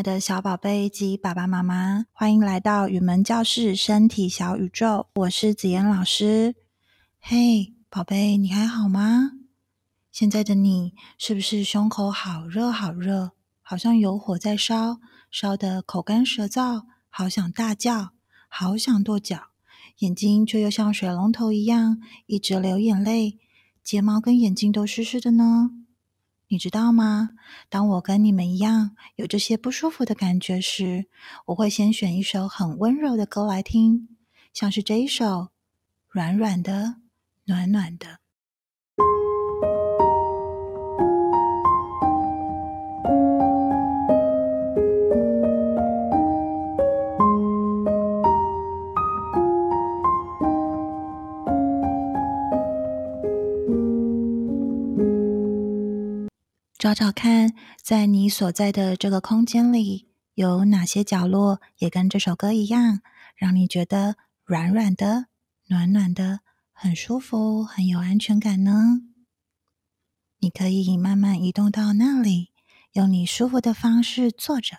親愛的小寶貝及爸爸媽媽，歡迎來到雲門教室身體小宇宙。我是子妍老師。嘿，Hey，寶貝，你還好嗎？現在的你是不是胸口好熱好熱，好像有火在燒，燒得口乾舌燥，好想大叫，好想跺腳，眼睛卻又像水龍頭一樣一直流眼淚，睫毛跟眼睛都濕濕的呢？你知道嗎？當我跟你們一樣有這些不舒服的感覺時，我會先選一首很溫柔的歌來聽，像是這一首，軟軟的，暖暖的。找找看，在你所在的這個空間裡，有哪些角落也跟這首歌一樣，讓你覺得軟軟的、暖暖的、很舒服、很有安全感呢？你可以慢慢移動到那裡，用你舒服的方式坐着，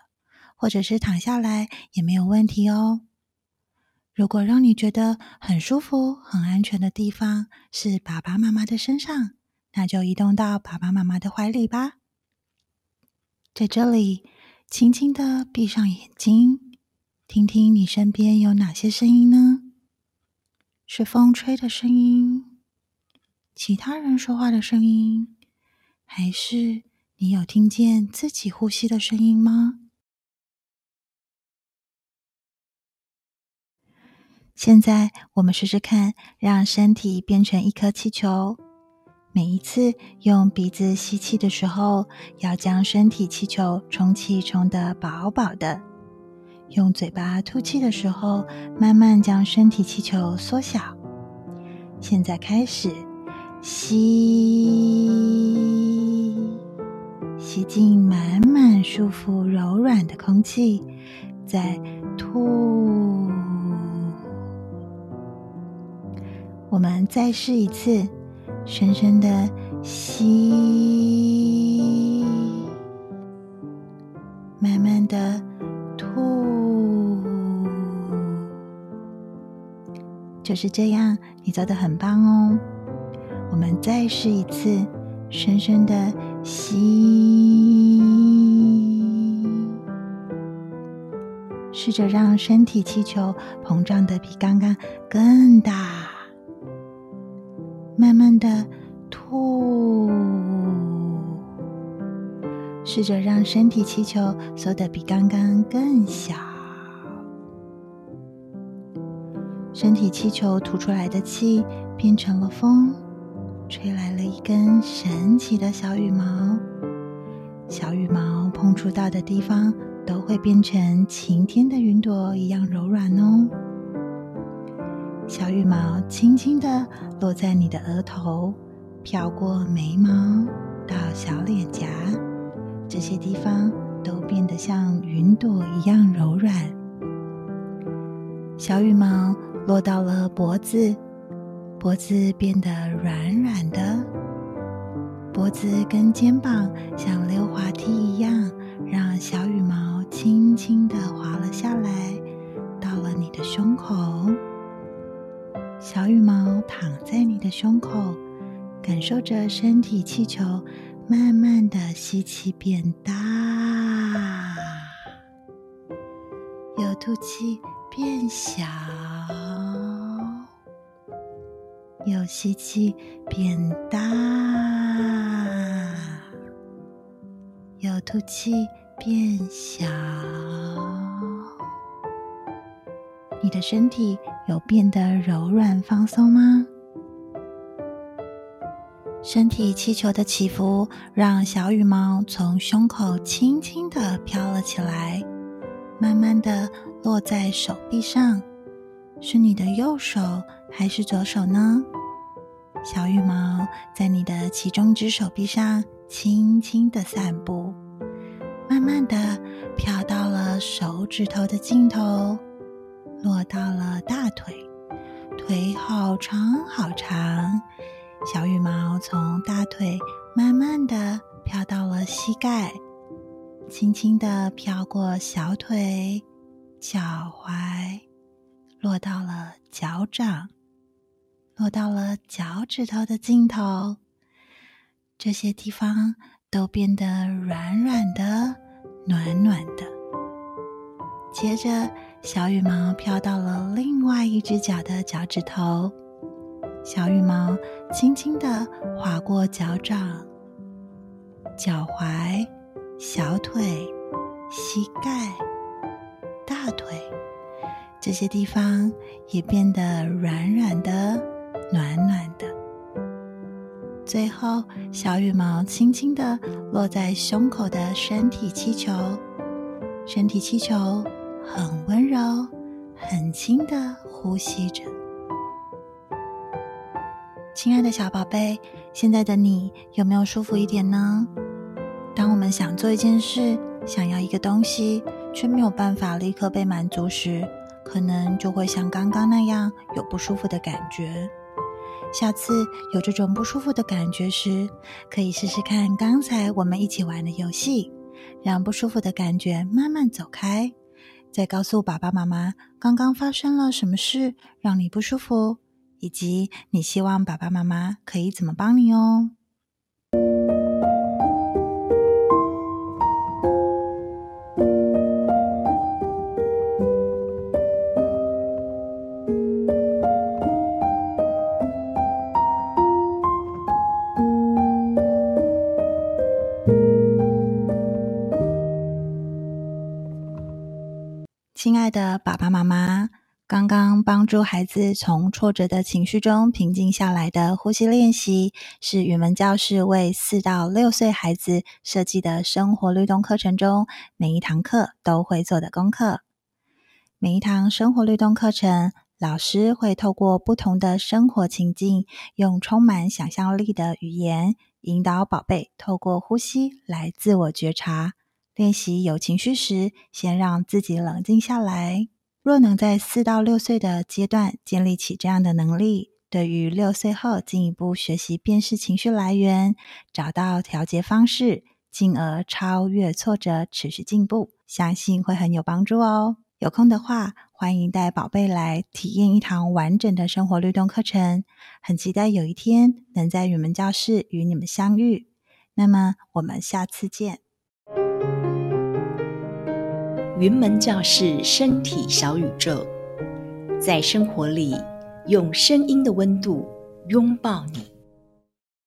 或者是躺下來也沒有問題哦。如果讓你覺得很舒服、很安全的地方是爸爸媽媽的身上。那就移動到爸爸媽媽的懷裡吧。在這裡，輕輕的閉上眼睛，聽聽你身邊有哪些聲音呢？是風吹的聲音，其他人說話的聲音，還是你有聽見自己呼吸的聲音嗎？現在我們試試看，讓身體變成一顆氣球。每一次用鼻子吸氣的時候，要將身體氣球充氣充得飽飽的；用嘴巴吐氣的時候，慢慢將身體氣球縮小。現在開始，吸，吸進滿滿舒服柔軟的空氣，再吐。我們再試一次。深深的吸，慢慢的吐，就是這樣，你做的很棒哦。我們再試一次，深深的吸，試着讓身體氣球膨脹的比剛剛更大。慢慢地吐，試着讓身體氣球縮得比剛剛更小。身體氣球吐出來的氣變成了風，吹來了一根神奇的小羽毛。小羽毛碰觸到的地方，都會變成晴天的雲朵一樣柔軟哦。小羽毛輕輕地落在你的額頭，飄過眉毛到小臉頰，這些地方都變得像雲朵一樣柔軟。小羽毛落到了脖子，脖子變得軟軟的，脖子跟肩膀像溜滑梯一樣，讓小羽毛輕輕地滑了下來，到了你的胸口。小羽毛躺在你的胸口，感受着身體氣球慢慢的吸氣變大，又吐氣變小，又吸氣變大，又吐氣變小。你的身體有變得柔軟放鬆嗎？身體氣球的起伏讓小羽毛從胸口輕輕地飄了起來，慢慢地落在手臂上。是你的右手還是左手呢？小羽毛在你的其中只手臂上輕輕地散步，慢慢地飄到了手指頭的盡頭。落到了大腿，腿好長好長，小羽毛從大腿慢慢的飄到了膝蓋，輕輕的飄過小腿、腳踝，落到了腳掌，落到了腳趾頭的盡頭，這些地方都變得軟軟的、暖暖的。接着。小羽毛飄到了另外一只腳的腳趾頭，小羽毛輕輕的劃過腳掌、腳踝、小腿、膝蓋、大腿，這些地方也變得軟軟的、暖暖的。最後，小羽毛輕輕的落在胸口的身體氣球，身體氣球。很溫柔，很輕的呼吸着。親愛的小寶貝，現在的你有沒有舒服一點呢？當我們想做一件事，想要一個東西，卻沒有辦法立刻被滿足時，可能就會像剛剛那樣有不舒服的感覺。下次有這種不舒服的感覺時，可以試試看剛才我們一起玩的遊戲，讓不舒服的感覺慢慢走開。再告訴爸爸媽媽，剛剛發生了什麼事讓你不舒服，以及你希望爸爸媽媽可以怎麼幫你哦。親愛的爸爸媽媽，剛剛幫助孩子從挫折的情緒中平靜下來的呼吸練習，是雲門教室為四到六歲孩子設計的生活律動課程中每一堂課都會做的功課。每一堂生活律動課程，老師會透過不同的生活情境，用充滿想象力的語言，引導寶貝透過呼吸來自我覺察。練習有情緒時，先讓自己冷靜下來。若能在四到六歲的階段建立起這樣的能力，對於六歲後進一步學習辨識情緒來源、找到調節方式，進而超越挫折、持續進步，相信會很有幫助哦。有空的話，歡迎帶寶貝來體驗一堂完整的生活律動課程。很期待有一天能在雲門教室與你們相遇。那麼，我們下次見。雲門教室，身體小宇宙，在生活裡用聲音的溫度擁抱你。